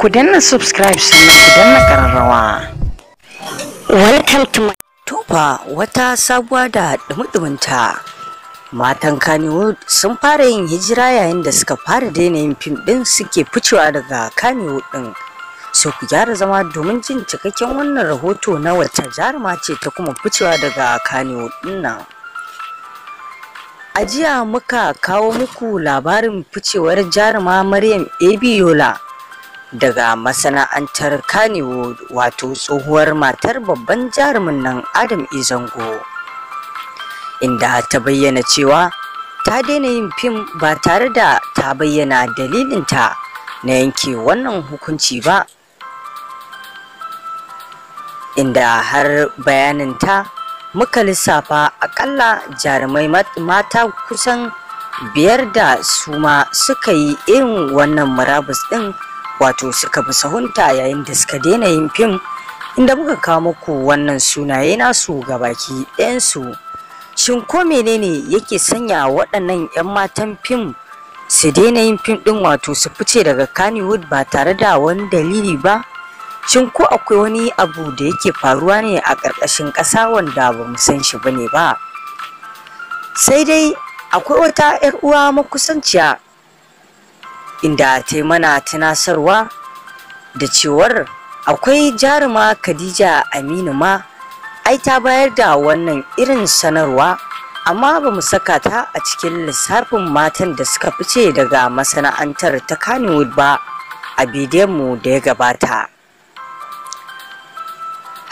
ku danna subscribe sannan ku danna kararrawa welcome to my tufa wata sabuwa da dumudumunta matan Kannywood sun fara yin hijira yayin da suka fara daina yin fim din suke ficewa daga Kannywood din sai ku gyara zama domin jin cikakken wannan rahoto na wata jaruma ce ta kuma ficewa daga Kannywood din nan a jiya muka kawo muku labarin ficewar jaruma Maryam Abiola daga masana'antar Kanewood wato tsohuwar matar babban jarumin nan Adam Izango. Inda ta bayyana cewa ta daina yin fim ba tare da ta bayyana dalilinta na yanke wannan hukunci ba. Inda har bayanin ta muka lissafa akalla jarumai mata kusan biyar da su ma suka yi irin wannan murabus ɗin wato suka bi sahunta yayin da suka daina yin fim inda muka kawo muku wannan sunaye nasu ga baki ɗayansu shin ko menene yake sanya waɗannan 'yan matan fim su daina yin fim ɗin wato su fice daga kannywood ba tare da wani dalili ba shin ko akwai wani abu da yake faruwa ne a ƙarƙashin ƙasa wanda ba mu san shi bane ba sai dai akwai wata 'yar uwa makusanciya inda ta yi mana tunasarwa da cewar akwai jaruma khadija aminu ma ai ta bayar da wannan irin sanarwa amma ba mu saka ta a cikin lissafin matan da suka fice daga masana'antar ta kanewood ba a bidiyonmu da ya gabata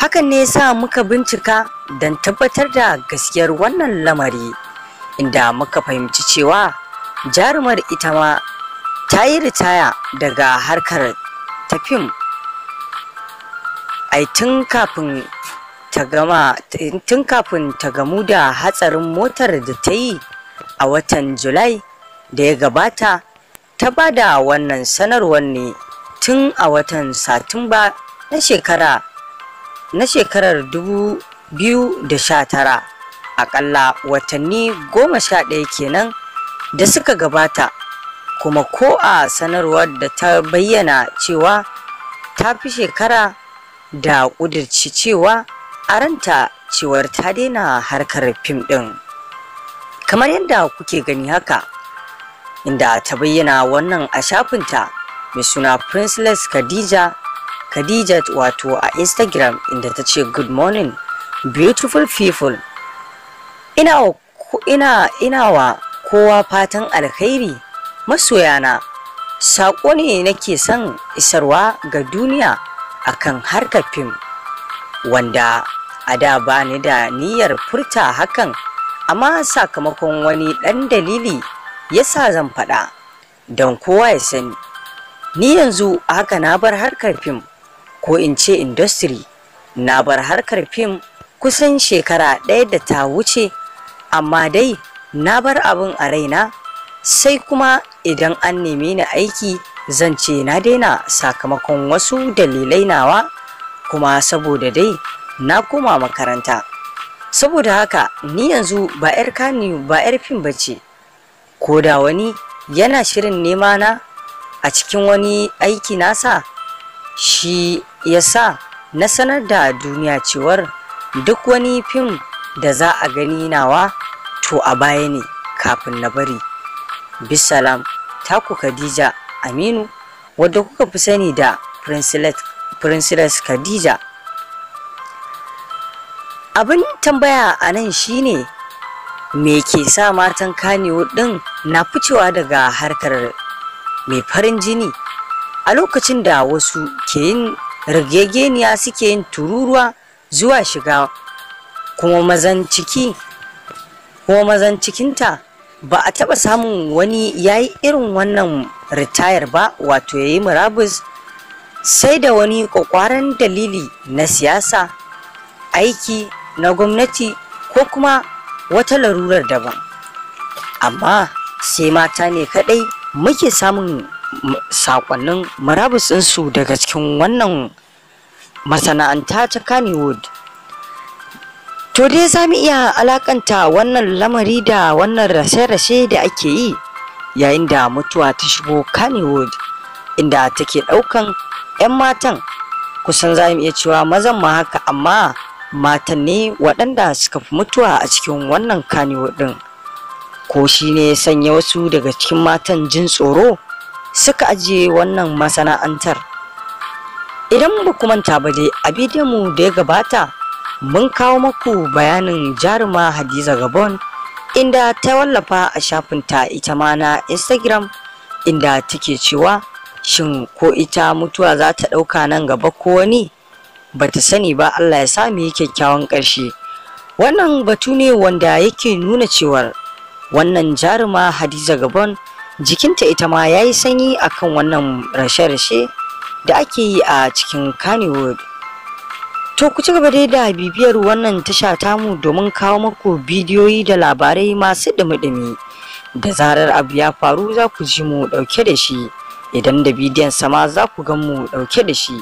hakan ne sa muka bincika don tabbatar da gaskiyar wannan lamari inda muka fahimci cewa jarumar ita ma ta yi ritaya daga harkar ta fim tun kafin ta gamu da hatsarin motar da ta yi a watan julai da ya gabata ta ba da wannan sanarwar ne tun a watan satumba na shekara na shekarar 2019 akalla watanni goma sha ɗaya kenan da suka gabata kuma ko a sanarwar da ta bayyana cewa ta fi shekara da ƙudirci cewa a ranta cewar ta daina harkar fim ɗin kamar yadda kuke gani haka inda ta bayyana wannan a shafinta mai suna princess khadija khadija wato a instagram inda ta ce good morning beautiful people ina, ina wa kowa fatan alkhairi masoyana saƙo ne nake son isarwa ga duniya akan harkar fim wanda a da ba ni da niyyar furta hakan amma sakamakon wani ɗan dalili ya sa zan faɗa don kowa ya sani ni yanzu haka na bar harkar fim ko in ce industry na bar harkar fim kusan shekara ɗaya da ta wuce amma dai na bar abin a raina sai kuma idan an neme ni aiki zan ce na daina sakamakon wasu dalilai nawa kuma saboda dai na koma makaranta saboda haka ni yanzu ba 'yar kani ba 'yar fim ba ce ko da wani yana shirin nema na a cikin wani aiki nasa shi ya sa na sanar da duniya cewar duk wani fim da za a gani nawa to a baya ne kafin na bari bisalam taku khadija aminu wanda kuka fi sani da princess khadija abin tambaya a nan shine me ke sa matan kaniwo ɗin na ficewa daga harkar mai farin jini a lokacin da wasu ke yin rigegeniya suke yin tururuwa zuwa shiga kuma mazan ciki kuma mazan cikinta ba a taɓa samun wani ya yi irin wannan ritayar ba wato ya yi murabus sai da wani ƙwaƙwaran dalili na siyasa aiki na gwamnati ko kuma wata larurar daban amma sai mata ne kaɗai muke samun sakonnin murabus su daga cikin wannan masana'anta ta kannywood to dai za mu iya alakanta wannan lamari da wannan rashe-rashe da ake yi yayin da mutuwa ta shigo kanewood inda take ɗaukan 'yan matan kusan za mu iya cewa mazan ma haka amma matan ne waɗanda suka fi mutuwa a cikin wannan kanewood ɗin ko shi ne sanya wasu daga cikin matan jin tsoro suka ajiye wannan masana'antar idan ba kuma manta ba dai a bidiyon mu da ya gabata mun kawo maku bayanin jaruma hadiza gabon inda ta wallafa a shafinta ita ma na instagram inda take cewa shin ko ita mutuwa za ta ɗauka nan gaba ko wani ba ta sani ba allah ya sami kyakkyawan ƙarshe wannan batu ne wanda yake nuna cewar wannan jaruma hadiza gabon jikinta ita ma ya yi sanyi akan wannan rashe-rashe da ake yi a cikin kannywood To ku ci gaba dai da bibiyar wannan tasha tamu domin kawo muku bidiyoyi da labarai masu dumi-dumi. Da zarar abu ya faru za ku ji mu ɗauke da shi, idan da bidiyon sama za ku gan mu ɗauke da shi.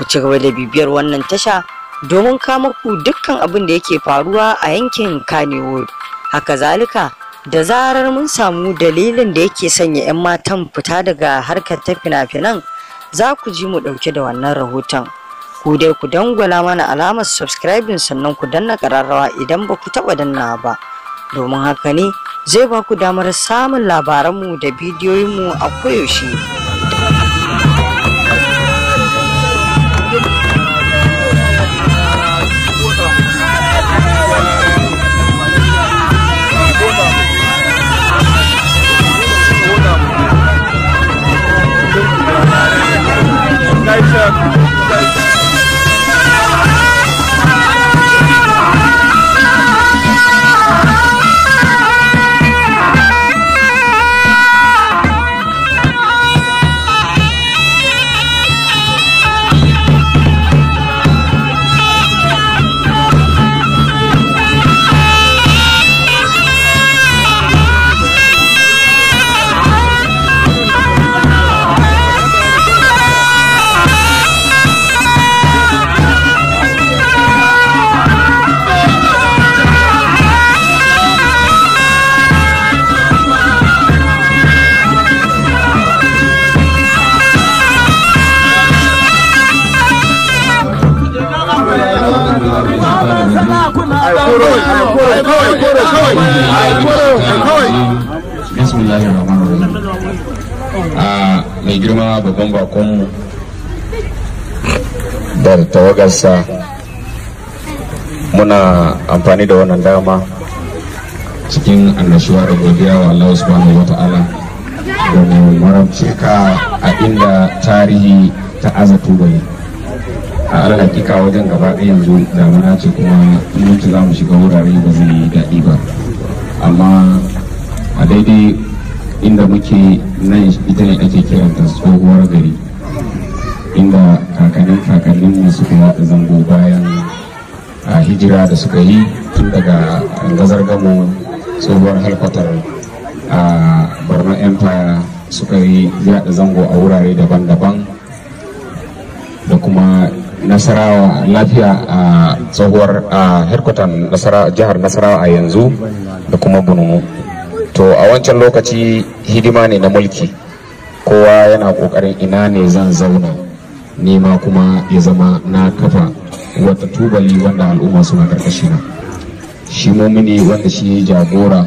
Ku ci gaba da bibiyar wannan tasha domin kawo muku dukkan abin da yake faruwa a yankin Kanewood. Haka zalika da zarar mun samu dalilin da yake sanya 'yan matan fita daga harkar ta fina-finan za ku ji mu ɗauke da wannan rahoton. ku dai ku dangwala mana alamar subscribing sannan ku danna kararrawa idan ba ku taɓa danna ba domin haka ne zai ba ku damar samun labaranmu da bidiyoyinmu a koyaushe. bismillahir a mai girma babban bakonmu da tawagarsa muna amfani da wannan dama cikin annashuwa da godiya wa Allah subhanahu wa ta'ala da mu maramce ka a inda tarihi ta aza tubali a ala hakika wajen gaba ɗaya yanzu damuna ce kuma mutu za mu shiga wurare ba zai daɗi ba amma a daidai inda muke nan ita ne ake kiranta tsohuwar gari inda kakannin su suka yada zango bayan a hijira da suka yi tun daga gazar gamo tsohuwar halkotar a borno empire suka yi yada zango a wurare daban-daban da kuma nasarawa lafiya a tsohuwar a jihar nasarawa a yanzu da kuma bununu to a wancan lokaci hidima ne na mulki kowa yana kokarin ina ne zan zauna nema kuma ya zama na kafa wata tubali wanda al'umma suna na shi mumini wanda shi jagora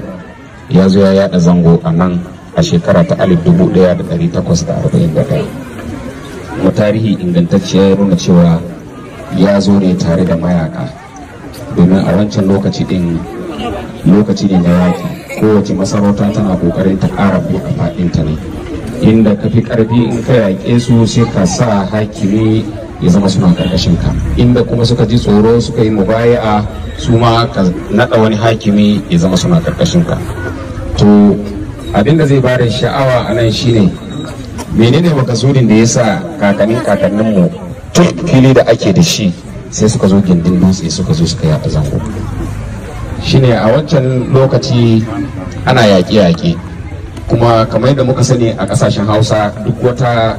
ya zo ya yada zango a nan a shekara ta 1841 Mu tarihi ingantacciya ya nuna cewa ya zo ne tare da mayaka domin a wancan lokaci din lokaci ne na yaki kowace masarauta tana kokarin ta ƙara a faɗinta ne inda ka fi ƙarfi in ka yaƙe su sai ka sa hakimi ya zama suna ƙarƙashin ka inda kuma suka ji tsoro suka yi mubaya'a su ma ka naɗa wani hakimi ya zama suna ƙarƙashin ka to abin da zai bada sha'awa a nan shine menene makasudin da ya sa kakannin kakanninmu tun fili da ake da shi sai suka zo gindin dutse suka zo suka yaɗa zango shine a wancan lokaci ana yaƙe-yaƙe kuma kamar yadda muka sani a ƙasashen hausa duk wata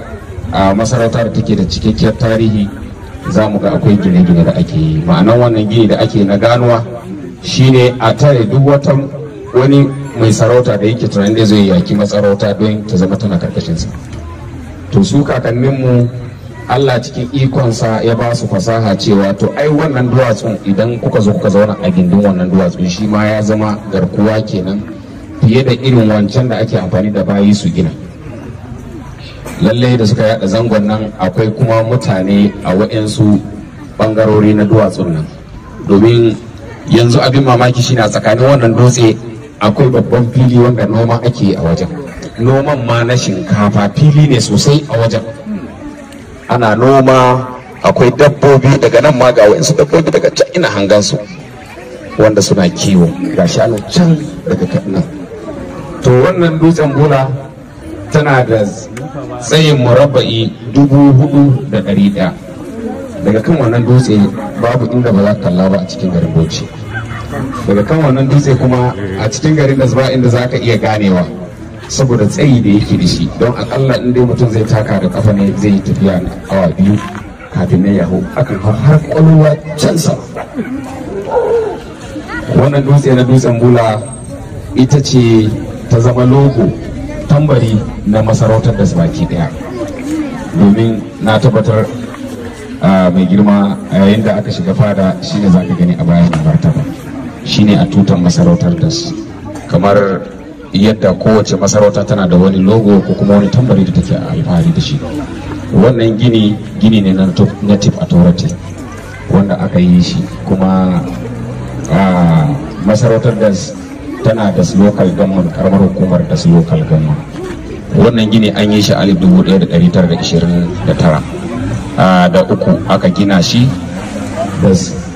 a masarautar da take da cikakkiyar tarihi za mu ga akwai gine-gine da ake yi ma'anar wannan gini da ake na ganuwa shine a tare duk wata wani mai sarauta da yake tunanin da zai yaƙi masarauta don ta zama tana karkashinsa to su kakanninmu Allah cikin ikonsa ya ba su fasaha cewa to ai wannan duwatsun idan kuka zo kuka zauna a gindin wannan duwatsun shi ma ya zama garkuwa kenan fiye da irin wancan da ake amfani da bayi su gina lallai da suka yada zangon nan akwai kuma mutane a waɗansu bangarori na duwatsun nan domin yanzu abin mamaki shine a tsakanin wannan dutse akwai babban fili wanda noma ake a wajen noman ma na shinkafa fili ne sosai a wajen ana noma akwai dabbobi daga nan ma ga wa'insu dabbobi daga can ina hangansu wanda suna kiwo ga shi ana can daga nan to wannan dutsen bula tana da tsayin murabba'i dubu hudu da ɗari ɗaya daga kan wannan dutse babu inda ba za ka kalla ba a cikin garin bauchi daga kan wannan dutse kuma a cikin garin da ba inda za ka iya ganewa saboda tsayi da yake da shi don akalla in dai mutum zai taka da kafa ne zai yi tafiya awa biyu kafin na yaho akan har kwalwa can sama wannan dutse na dutsen bula ita ce ta zama logo tambari na masarautar da baki daya domin na tabbatar mai girma a yayin da aka shiga fada shine za ka gani a bayan martaba shine a tutan masarautar da su kamar yadda kowace masarauta tana da wani logo ko kuma wani tambari da take alfahari da shi wannan gini gini ne na native authority wanda aka yi shi kuma a masarautar da tana da local government karamar hukumar da local government wannan gini an yi shi a 1929 da uku aka gina shi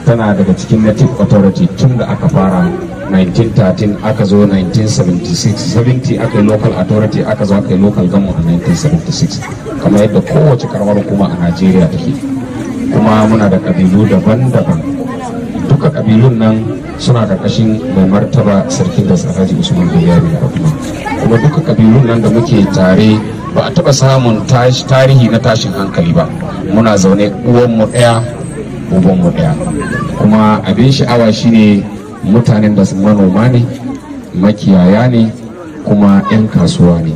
tana daga cikin native authority tun da aka fara 1913 aka zo 1976 70 aka yi local authority aka zo aka yi local gamu a 1976 kamar yadda kowace karamar kuma a najeriya take kuma muna da kabilu daban-daban duka kabilun nan suna karkashin mai martaba sarkin da tsaraji usman bayani da kuma kuma duka kabilun nan da muke tare ba a taba samun tarihi na tashin hankali ba muna zaune uwanmu ɗaya mu ɗaya kuma abin sha'awa shine mutanen da manoma ne makiyaya ne kuma 'yan kasuwa ne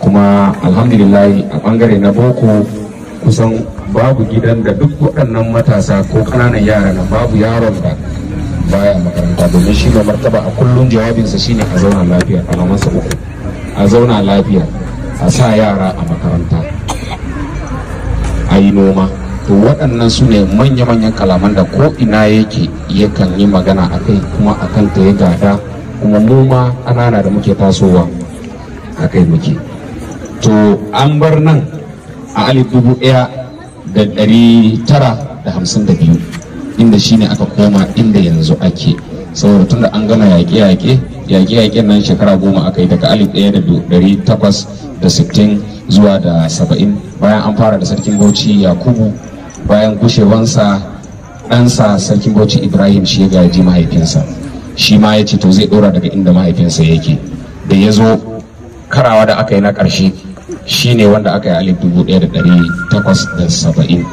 kuma alhamdulillahi a bangare na boko kusan babu gidan da duk waɗannan matasa ko ƙananan yara na babu yaron da baya makaranta domin shi martaba a kullum jawabinsa shine a zauna lafiya a uku a zauna lafiya a sa yara a makaranta a yi noma to waɗannan su ne manya-manyan kalaman da ko ina yake yakan yi magana a kai kuma a kan ta ya gada kuma mu ma ƙanana da muke tasowa a kai muke to an bar nan a alif dubu ɗaya da ɗari tara da hamsin da biyu inda shi ne aka koma inda yanzu ake saboda tun da an gama yaƙe-yaƙe yaƙe-yaƙen nan shekara goma aka yi daga alif ɗaya da ɗari takwas da sittin zuwa da saba'in bayan an fara da sarkin bauchi yakubu bayan gushewansa ɗansa sarkin bauchi ibrahim shi ya gaji mahaifinsa shi ma ya ce to zai ɗora daga inda mahaifinsa yake da ya zo karawa da aka yi na ƙarshe shi ne wanda aka yi alif dubu ɗaya da ɗari da saba'in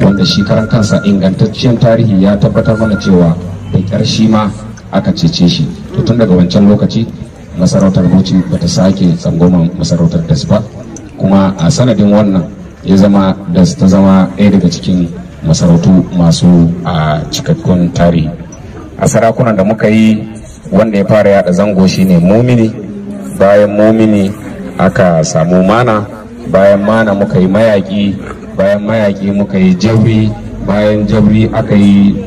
wanda shi karan kansa ingantacciyar tarihi ya tabbatar mana cewa da ƙyar shi ma aka cece shi to tun daga wancan lokaci masarautar bauchi bata sake tsangoma masarautar das ba kuma a sanadin wannan ya zama da ta zama ɗaya daga cikin masarautu masu a cikakkun tarihi a sarakunan da muka yi wanda ya fara yada zango shine mumini bayan momini aka samu mana bayan mana muka yi mayaki bayan mayaki muka yi jabri bayan jabri aka yi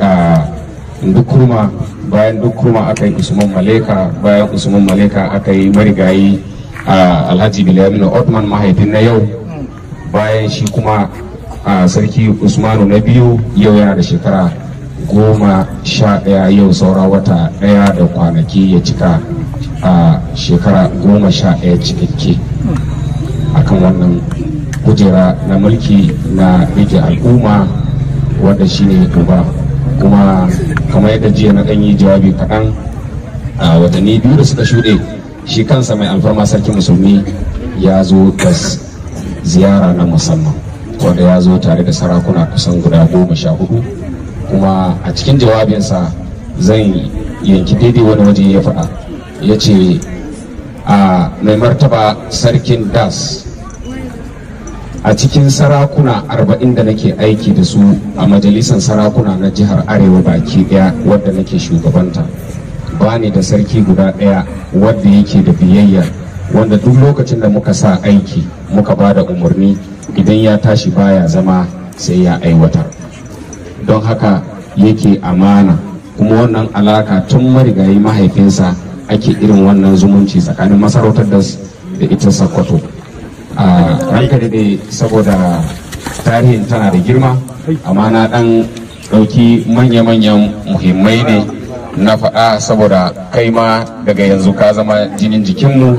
dukurma bayan dukurma aka yi usman maleka bayan usman maleka aka yi marigayi a alhaji bilamin otman mahaifin na yau bayan shi kuma a sarki usmanu na biyu yau yana da shekara goma sha ɗaya yau saura wata ɗaya da kwanaki ya cika a shekara goma sha ɗaya cikakke akan wannan kujera na mulki na rike al'umma wanda shine gaba kuma kamar yadda jiya na ɗanyi jawabi kaɗan a watanni biyu da suka shuɗe shi kansa mai alfarma sarki musulmi ya zo da ziyara na musamman wanda ya zo tare da sarakuna kusan guda goma sha hudu kuma a cikin jawabinsa zan yanki daidai wani waje ya faɗa ya ce a mai martaba sarkin das a cikin sarakuna arba'in da nake aiki da su a majalisar sarakuna na jihar arewa baki daya wadda nake shugabanta ba ni da sarki guda daya wadda yake da biyayya wanda duk lokacin da muka sa aiki muka ba da umarni idan ya tashi baya zama sai ya aiwatar don haka yake amana kuma wannan alaka tun marigayi mahaifinsa ake irin wannan zumunci tsakanin masarautar da ita sakwato. a ranka da saboda tarihin tana da girma amma na dan ɗauki manya-manyan muhimmai ne na faɗa saboda kai ma daga yanzu ka zama jinin jikinmu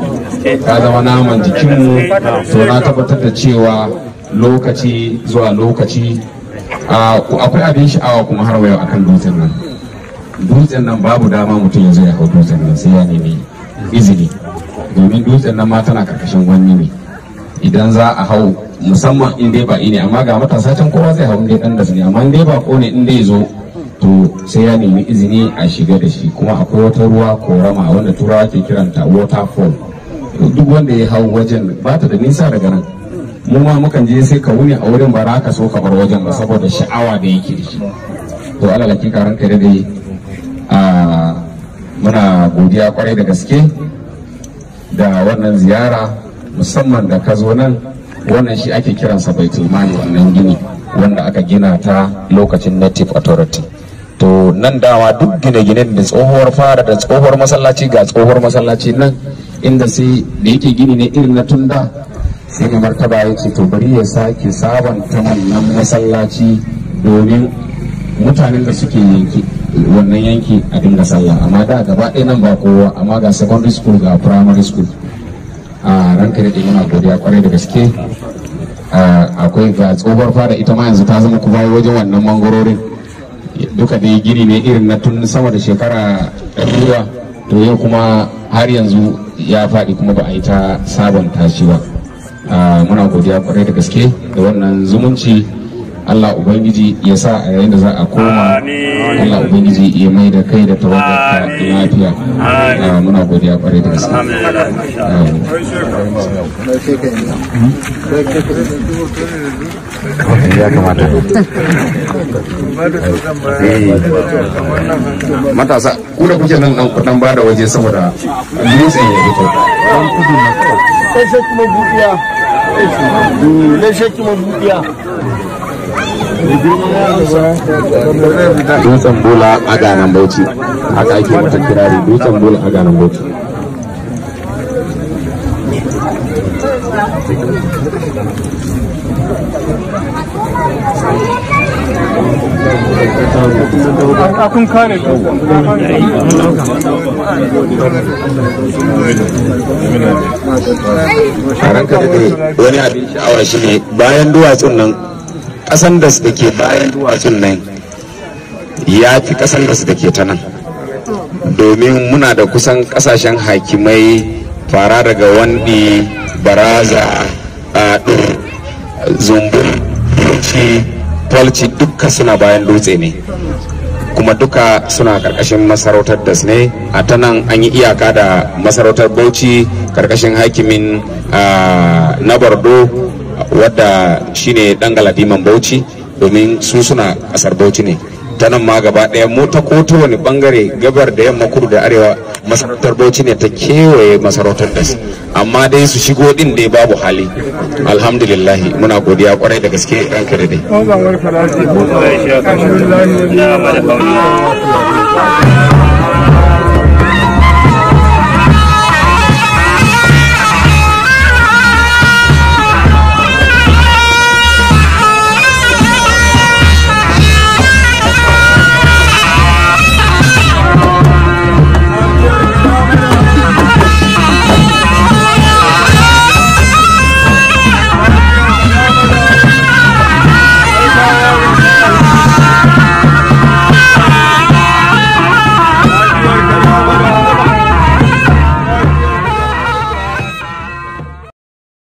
ka zama naman jikinmu to na tabbatar da cewa lokaci zuwa lokaci akwai abin sha'awa kuma har wayo akan dutsen nan dutsen nan babu dama mutum ya zai hau dutsen nan sai ya nemi izini domin dutsen nan ma tana karkashin wani ne idan za a hau musamman in dai ba ine amma ga matasa can kowa zai hau in dai dan da ne amma in dai ba ko ne in dai zo to sai ya nemi izini a shiga da shi kuma akwai wata ruwa korama wanda turawa ke kiranta waterfall duk wanda ya hau wajen ba ta da nisa daga nan mu ma mukan je sai ka wuni a wurin ba za ka so ka bar wajen ba saboda sha'awa da yake da shi to laki hakika ranka da dai a muna godiya kwarai da gaske da wannan ziyara musamman da ka zo nan wannan shi ake kiransa baitul mali wannan gini wanda aka gina ta lokacin native authority to nan dawa duk gine gine da tsohuwar fara da tsohuwar masallaci ga tsohuwar masallaci nan inda sai da yake gini ne irin na tunda sai mai martaba ya ce to bari ya sake sabanta wannan masallaci domin mutanen da suke yanki wannan yanki a dinga sallah amma da gaba ɗaya nan ba kowa amma ga secondary school ga primary school a ranka da muna godiya kwarai da gaske akwai ga tsohuwar fara ita ma yanzu ta zama kuma wajen wannan mangororin duka dai gini ne irin na tun sama da shekara ruwa to yau kuma har yanzu ya faɗi kuma ba a yi ta sabon tashi ba ah, muna godiya kwarai da gaske da wannan zumunci Allah Ubangiji ya sa a yayin da za a koma Allah Ubangiji ya mai da kai da tawagarka lafiya ah, muna godiya kwarai da gaske ya kamata matasa ku da kuke nan dan ba da waje saboda dutsen ya fito sai kuma buɗiya sai kuma buɗiya dutsen bola a ganan bauchi haka ake mata kirari dutsen bola a ganan bauchi a ranka da wani abin sha'awa shi ne bayan duwatsun nan ƙasan da su ke bayan duwatsun nan ya fi ƙasan da su ke ta nan domin muna da kusan ƙasashen hakimai fara daga wandi baraza ɗin zumbur ruci Falci, duka suna bayan dutse ne kuma duka suna karkashin masarautar das ne a ta nan an yi iyaka da masarautar bauchi karkashin hakimin ah, na wadda shine dan galadiman bauchi domin su suna kasar bauchi ne ta nan ma gaba daya mu ta ko ta wani bangare gabar da yamma kudu da arewa masarautar bauchi ne ta kewaye masarautar da amma dai su shigo din dai babu hali alhamdulillah muna godiya kwarai da gaske ranka kare dai